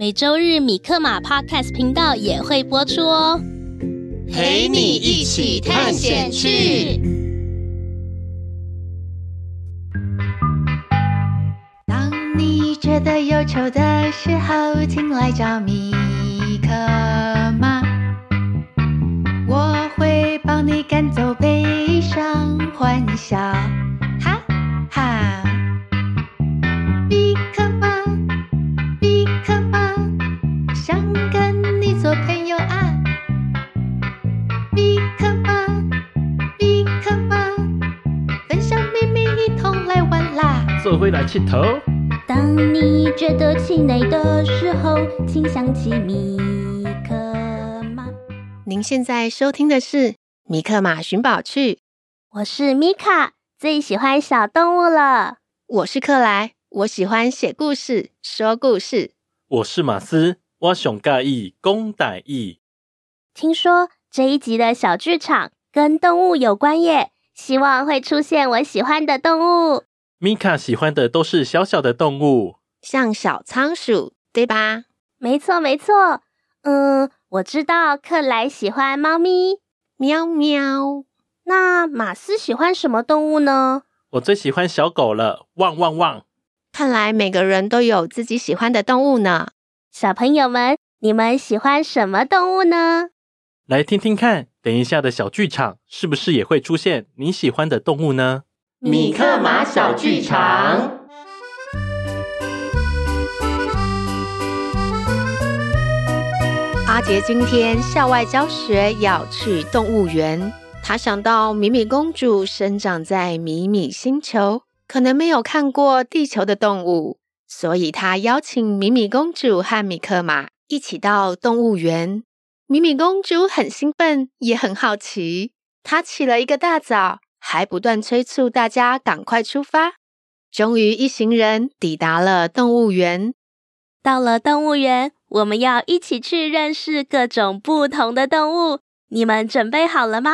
每週日米克馬 Podcast 頻道也會播出哦，陪你一起探險去。當你覺得憂愁的時候，請來找米克馬，我會幫你趕走。起頭。當你覺得氣餒的時候，請想起米克馬。您現在收聽的是《米克馬尋寶趣》。我是米卡，最喜歡小動物了。我是克萊，我喜歡寫故事、說故事。我是馬斯，我上蓋愛工地。聽說這一集的小劇場跟動物有關耶，希望會出現我喜歡的動物。米卡喜歡的都是小小的動物，像小倉鼠，對吧？沒錯，沒錯。嗯，我知道克萊喜歡貓咪，喵喵。那馬斯喜歡什麼動物呢？我最喜歡小狗了，汪汪汪。看來每個人都有自己喜歡的動物呢。小朋友們，你們喜歡什麼動物呢？來聽聽看，等一下的小劇場是不是也會出現你喜歡的動物呢？米克馬小劇場。阿傑今天校外教學，要去動物園，他想到米米公主生長在米米星球，可能沒有看過地球的動物，所以他邀請米米公主和米克馬一起到動物園。米米公主很興奮，也很好奇，她起了一個大早，還不斷催促大家趕快出發。終於，一行人抵達了動物園。到了動物園，我們要一起去認識各種不同的動物。你們準備好了嗎？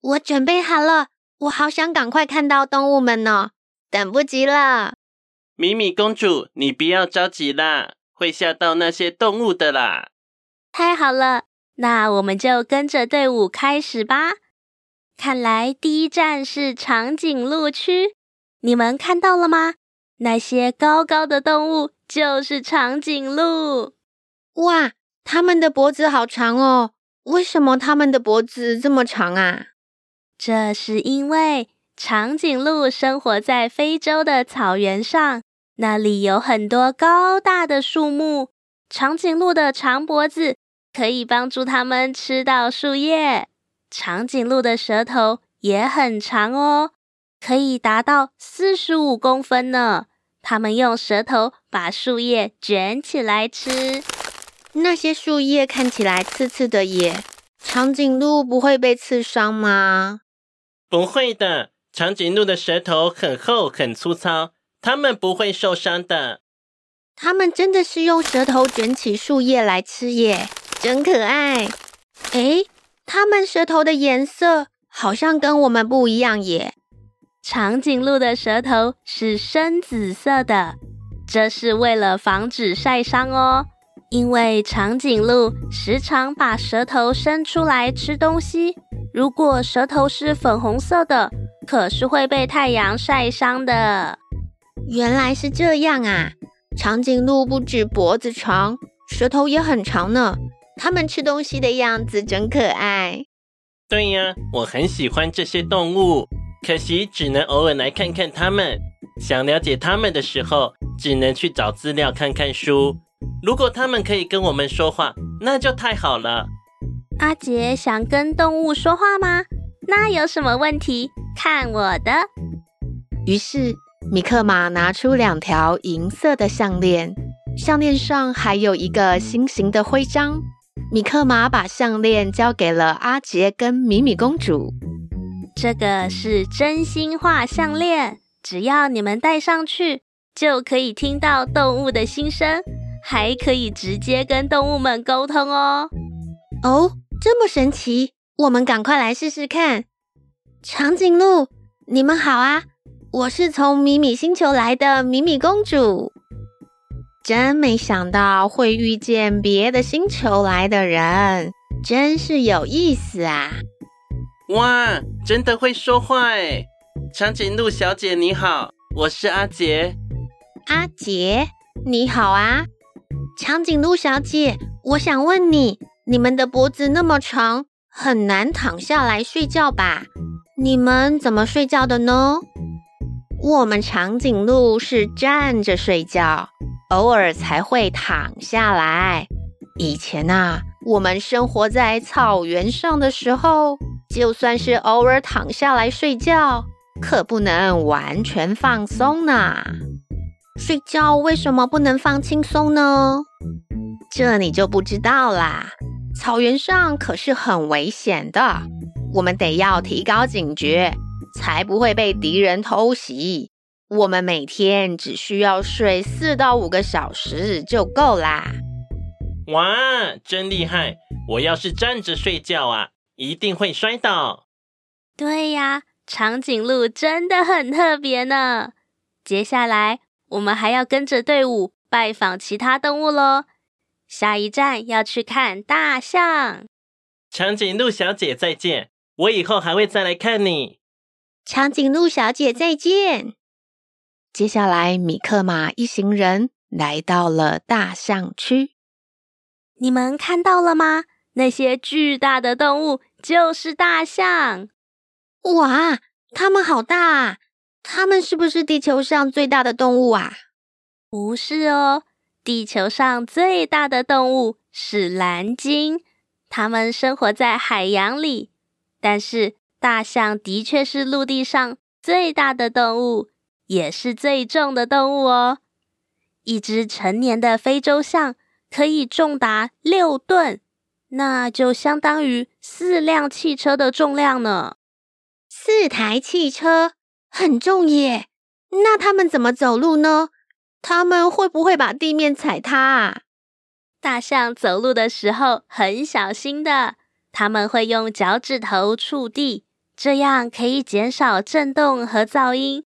我準備好了，我好想趕快看到動物們呢，等不及了。米米公主，你不要着急啦，會嚇到那些動物的啦。太好了，那我們就跟着隊伍開始吧。看來第一站是長頸鹿區，你們看到了嗎？那些高高的動物就是長頸鹿。哇，他們的脖子好長哦！為什麼他們的脖子這麼長啊？這是因為長頸鹿生活在非洲的草原上，那裡有很多高大的樹木，長頸鹿的長脖子可以幫助它們吃到樹葉。長頸鹿的舌頭也很長哦，可以達到四十五公分呢。它們用舌頭把樹葉捲起來吃。那些樹葉看起來刺刺的耶，長頸鹿不會被刺傷嗎？不會的，長頸鹿的舌頭很厚很粗糙，它們不會受傷的。它們真的是用舌頭捲起樹葉來吃耶，真可愛。誒它們舌頭的顏色好像跟我們不一樣耶。長頸鹿的舌頭是深紫色的，這是為了防止曬傷哦。因為長頸鹿時常把舌頭伸出來吃東西，如果舌頭是粉紅色的，可是會被太陽曬傷的。原來是這樣啊！長頸鹿不止脖子長，舌頭也很長呢。他們吃東西的樣子真可愛。對呀、啊，我很喜歡這些動物，可惜只能偶爾來看看它們。想了解它們的時候，只能去找資料、看看書。如果它們可以跟我們說話，那就太好了。阿傑想跟動物說話嗎？那有什麼問題？看我的。於是，米克馬拿出兩條銀色的項鏈，項鏈上還有一個心形的徽章。米克馬把項鏈交給了阿傑跟米米公主。這個是真心話項鏈，只要你們戴上去，就可以聽到動物的心聲，還可以直接跟動物們溝通哦。哦，這麼神奇，我們趕快來試試看。長頸鹿，你們好啊，我是從米米星球來的米米公主。真沒想到會遇見別的星球來的人，真是有意思啊！哇，真的會說話誒！長頸鹿小姐你好，我是阿傑。阿傑你好啊，長頸鹿小姐，我想問你，你們的脖子那麼長，很難躺下來睡覺吧？你們怎麼睡覺的呢？我們長頸鹿是站着睡覺。偶爾才會躺下來。以前吶，我們生活在草原上的時候，就算是偶爾躺下來睡覺，可不能完全放鬆呢。睡覺為什麼不能放輕鬆呢？這你就不知道啦。草原上可是很危險的，我們得要提高警覺，才不會被敵人偷襲。我們每天只需要睡四到五個小時就夠啦。哇，真厲害！我要是站着睡覺啊，一定會摔倒。對呀，長頸鹿真的很特別呢。接下來我們還要跟着隊伍拜訪其他動物嘍。下一站要去看大象。長頸鹿小姐再見，我以後還會再來看你。長頸鹿小姐再見。接下來，米克馬一行人來到了大象區。你們看到了嗎？那些巨大的動物就是大象。哇，它們好大啊！它們是不是地球上最大的動物啊？不是哦，地球上最大的動物是藍鯨，它們生活在海洋裡。但是，大象的確是陸地上最大的動物。也是最重的動物哦。一隻成年的非洲象可以重達六噸，那就相當於四輛汽車的重量呢。四台汽車很重耶！那它們怎麼走路呢？它們會不會把地面踩塌啊？大象走路的時候很小心的，他們會用腳趾頭觸地，這樣可以減少震動和噪音。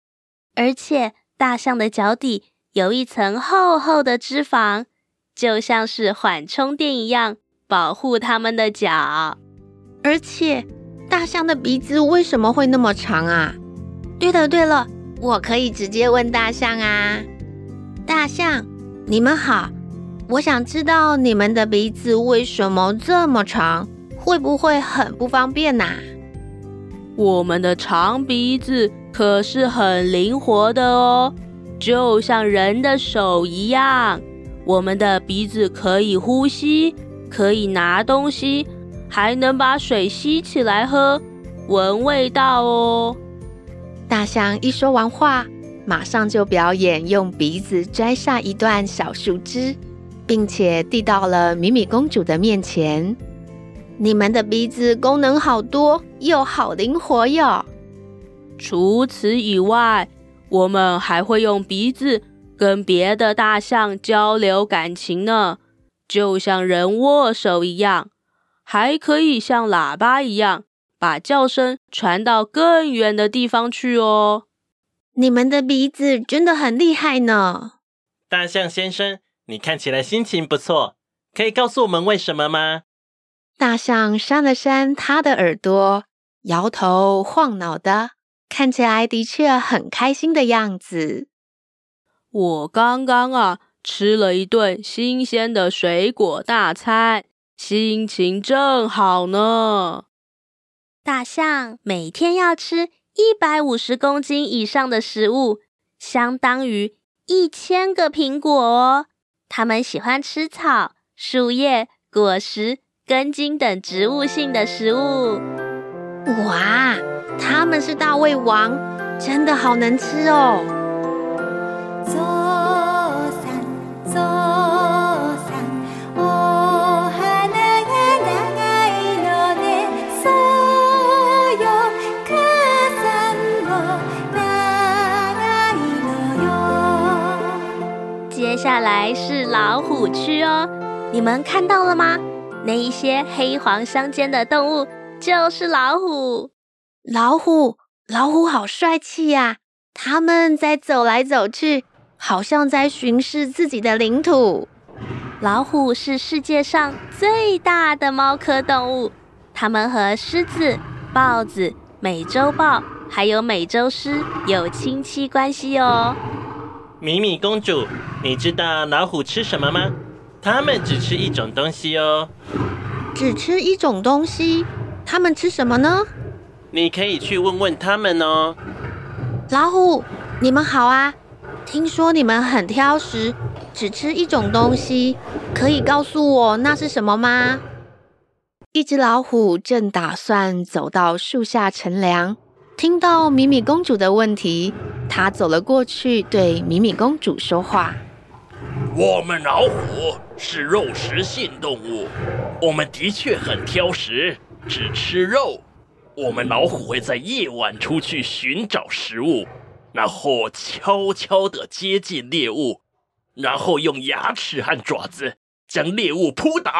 而且大象的腳底有一層厚厚的脂肪，就像是緩衝墊一樣，保護它們的腳。而且，大象的鼻子為什麼會那麼長啊？對的，對了，我可以直接問大象啊。大象，你們好，我想知道你們的鼻子為什麼這麼長，會不會很不方便吶？我們的長鼻子。可是很靈活的哦，就像人的手一樣。我們的鼻子可以呼吸，可以拿東西，還能把水吸起來喝，聞味道哦。大象一說完話，馬上就表演用鼻子摘下一段小樹枝，並且遞到了米米公主的面前。你們的鼻子功能好多，又好靈活喲。除此以外，我們還會用鼻子跟別的大象交流感情呢，就像人握手一樣，還可以像喇叭一樣把叫聲傳到更遠的地方去哦。你們的鼻子真的很厲害呢，大象先生，你看起來心情不錯，可以告訴我們為什麼嗎？大象扇了扇他的耳朵，搖頭晃腦的。看起來的確很開心的樣子。我剛剛啊，吃了一頓新鮮的水果大餐，心情正好呢。大象每天要吃一百五十公斤以上的食物，相當於一千個蘋果哦。它們喜歡吃草、樹葉、果實、根莖等植物性的食物。哇，他們是大胃王，真的好能吃哦！接下來是老虎區哦，你們看到了嗎？那一些黑黃相間的動物。就是老虎，老虎，老虎好帥氣呀，啊！他們在走來走去，好像在巡視自己的領土。老虎是世界上最大的貓科動物，它們和獅子、豹子、美洲豹還有美洲獅有親戚關係哦。米米公主，你知道老虎吃什麼嗎？它們只吃一種東西哦，只吃一種東西。他們吃什麼呢？你可以去問問他們哦。老虎，你們好啊！聽說你們很挑食，只吃一種東西，可以告訴我那是什麼嗎？一隻老虎正打算走到樹下乘涼，聽到米米公主的問題，它走了過去，對米米公主說話：“我們老虎是肉食性動物，我們的確很挑食。”只吃肉，我們老虎會在夜晚出去尋找食物，然後悄悄地接近獵物，然後用牙齒和爪子將獵物撲倒。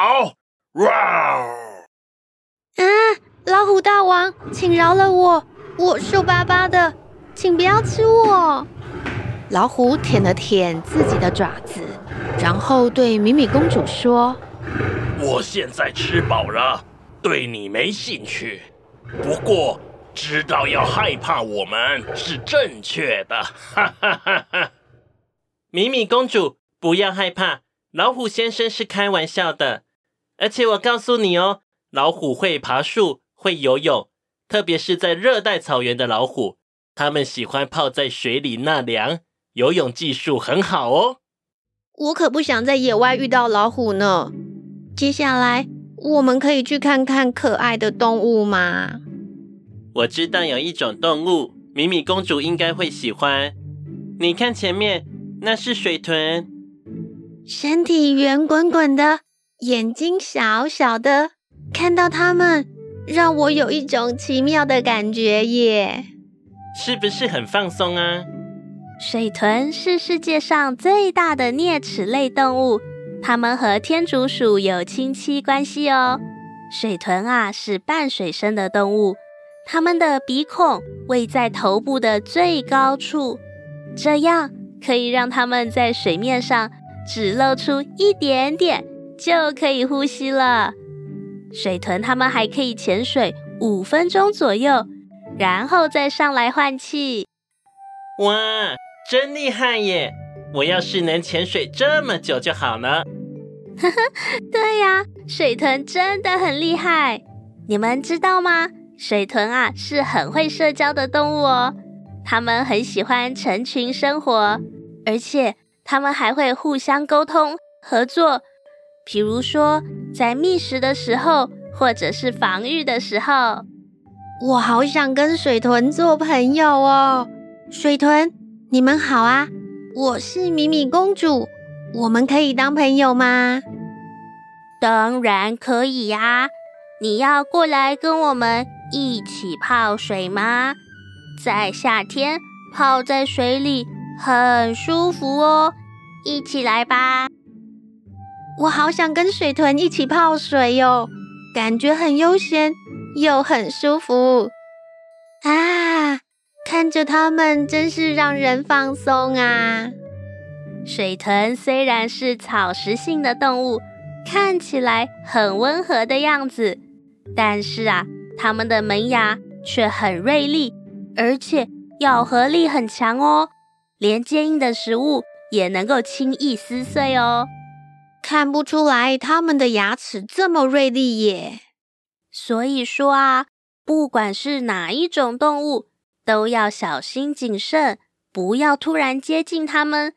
哇！啊，老虎大王，請饒了我，我瘦巴巴的，請不要吃我。老虎舔了舔自己的爪子，然後對米米公主說：“我現在吃飽了。”對你沒興趣，不過知道要害怕我們是正確的。哈哈哈哈，米米公主，不要害怕，老虎先生是開玩笑的。而且我告訴你哦，老虎會爬樹，會游泳，特別是在熱帶草原的老虎，它們喜歡泡在水裡納涼，游泳技術很好哦。我可不想在野外遇到老虎呢。接下來。我們可以去看看可愛的動物嗎？我知道有一種動物，米米公主應該會喜歡。你看前面，那是水豚。身體圓滾滾的，眼睛小小的，看到它們讓我有一種奇妙的感覺耶。是不是很放鬆啊？水豚是世界上最大的齧齒類動物。它們和天竺鼠有親戚關係哦。水豚啊是半水生的動物，它們的鼻孔位在頭部的最高處，這樣可以讓它們在水面上只露出一點點就可以呼吸了。水豚它們還可以潛水五分鐘左右，然後再上來換氣。哇，真厲害耶！我要是能潛水這麼久就好了。呵呵，對呀，水豚真的很厲害，你們知道嗎？水豚啊是很會社交的動物哦，它們很喜歡成群生活，而且它們還會互相溝通合作。比如說，在覓食的時候，或者是防禦的時候。我好想跟水豚做朋友哦，水豚，你們好啊！我是米米公主，我們可以當朋友嗎？當然可以呀！你要過來跟我們一起泡水嗎？在夏天泡在水裡很舒服哦，一起來吧！我好想跟水豚一起泡水喲，感覺很悠閒又很舒服啊！看着它們，真是讓人放鬆啊！水豚雖然是草食性的動物，看起來很溫和的樣子，但是啊，它們的門牙卻很銳利，而且咬合力很強哦，連堅硬的食物也能夠輕易撕碎哦。看不出來它們的牙齒這麼銳利耶！所以說啊，不管是哪一種動物。都要小心謹慎，不要突然接近他們，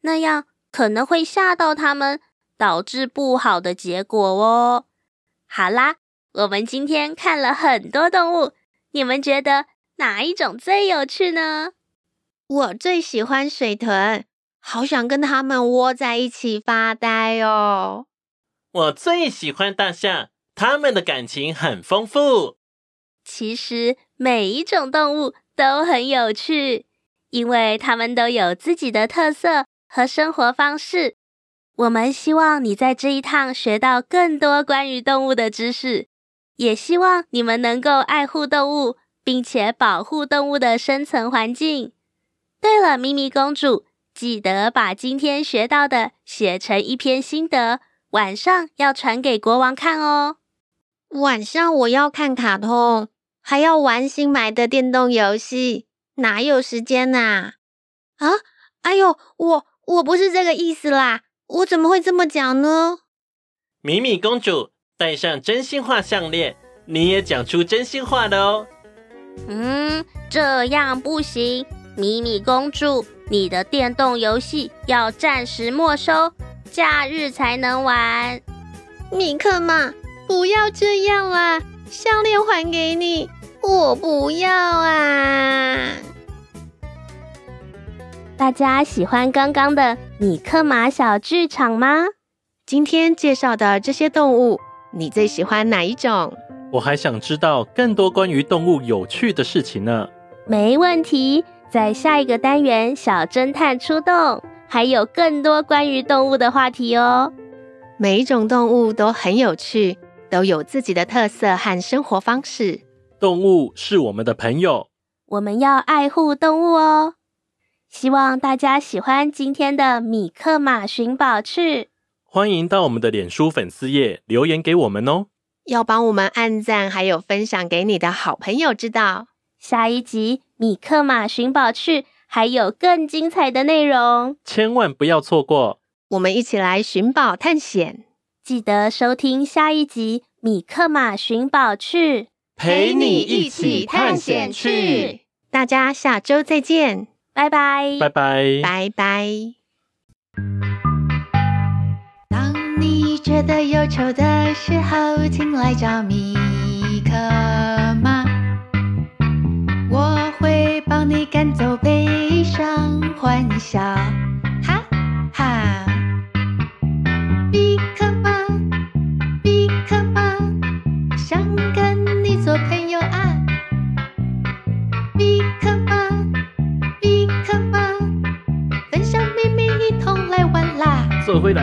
那樣可能會嚇到他們，導致不好的結果哦。好啦，我們今天看了很多動物，你們覺得哪一種最有趣呢？我最喜歡水豚，好想跟他們窩在一起發呆哦。我最喜歡大象，他們的感情很豐富。其實，每一種動物，都很有趣，因為它們都有自己的特色和生活方式。我們希望你在這一趟學到更多關於動物的知識，也希望你們能夠愛護動物，並且保護動物的生存環境。對了，米米公主，記得把今天學到的寫成一篇心得，晚上要傳給國王看哦。晚上我要看卡通。還要玩新買的電動遊戲，哪有時間吶？啊？啊，哎呦，我我不是這個意思啦，我怎麼會這麼講呢？米米公主戴上真心話項鏈你也講出真心話的哦。嗯，這樣不行。米米公主，你的電動遊戲要暫時沒收，假日才能玩。米克馬，不要這樣啊。項鏈還給你，我不要啊！大家喜歡剛剛的米克馬小劇場嗎？今天介紹的這些動物，你最喜歡哪一種？我還想知道更多關於動物有趣的事情呢。沒問題，在下一個單元“小偵探出動”，還有更多關於動物的話題哦。每一種動物都很有趣。都有自己的特色和生活方式。動物是我們的朋友，我們要愛護動物哦。希望大家喜歡今天的米克馬尋寶趣。歡迎到我們的臉書粉絲頁留言給我們哦，要幫我們按贊，還有分享給你的好朋友知道。下一集米克馬尋寶趣還有更精彩的內容，千萬不要錯過。我們一起來尋寶探險。記得收聽下一集《米克馬尋寶趣》，陪你一起探險去。大家下周再見，拜拜，拜拜，拜拜。當你覺得憂愁的時候，請來找米克馬，我會幫你趕走悲傷，歡笑。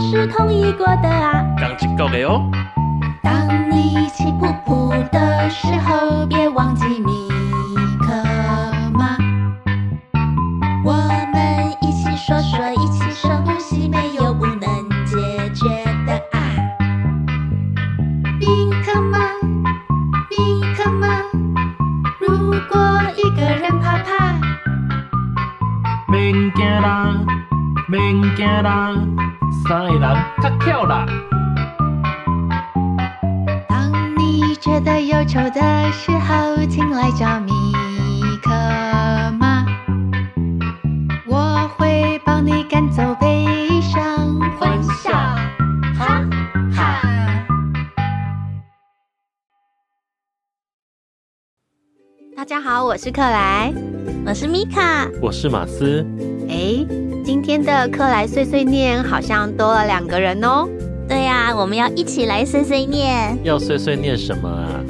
是同一國的啊，當你氣噗噗的時候別，別。在憂愁的時候，請來找米克馬，我會幫你趕走悲傷，歡笑，哈哈。哈。大家好，我是克萊，我是米卡，我是馬斯。哎，今天的克萊碎碎念好像多了兩個人哦。對呀，我們要一起來碎碎念。要碎碎念什麼啊？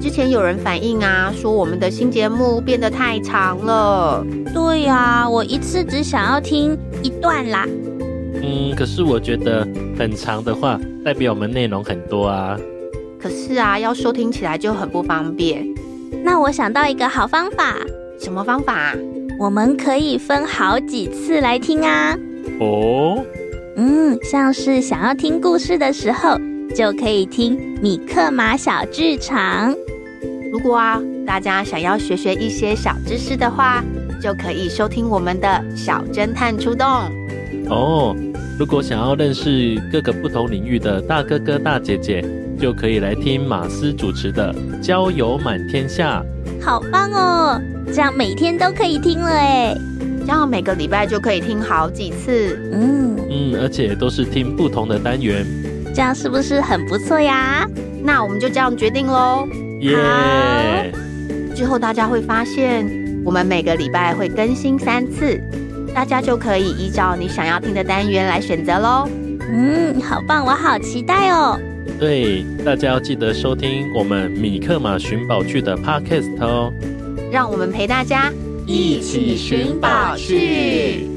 之前有人反映啊，說我們的新節目變得太長了。對呀，我一次只想要聽一段啦。嗯，可是我覺得很長的話，代表我們內容很多啊。可是啊，要收聽起來就很不方便。那我想到一個好方法。什麼方法？我們可以分好幾次來聽啊。哦。嗯，像是想要聽故事的時候，就可以聽米克馬小劇場。如果啊，大家想要學學一些小知識的話，就可以收聽我們的小偵探出動。哦，如果想要認識各個不同領域的大哥哥大姐姐，就可以來聽馬斯主持的《交友滿天下》。好棒哦！這樣每天都可以聽了哎。這樣每個禮拜就可以聽好幾次，嗯嗯，而且都是聽不同的單元，這樣是不是很不錯呀？那我們就這樣決定嘍。耶 Yeah.、啊！之後大家會發現，我們每個禮拜會更新三次，大家就可以依照你想要聽的單元來選擇嘍。嗯，好棒，我好期待哦。對，大家要記得收聽我們米克馬尋寶趣的 Podcast 哦。讓我們陪大家。一起尋寶去。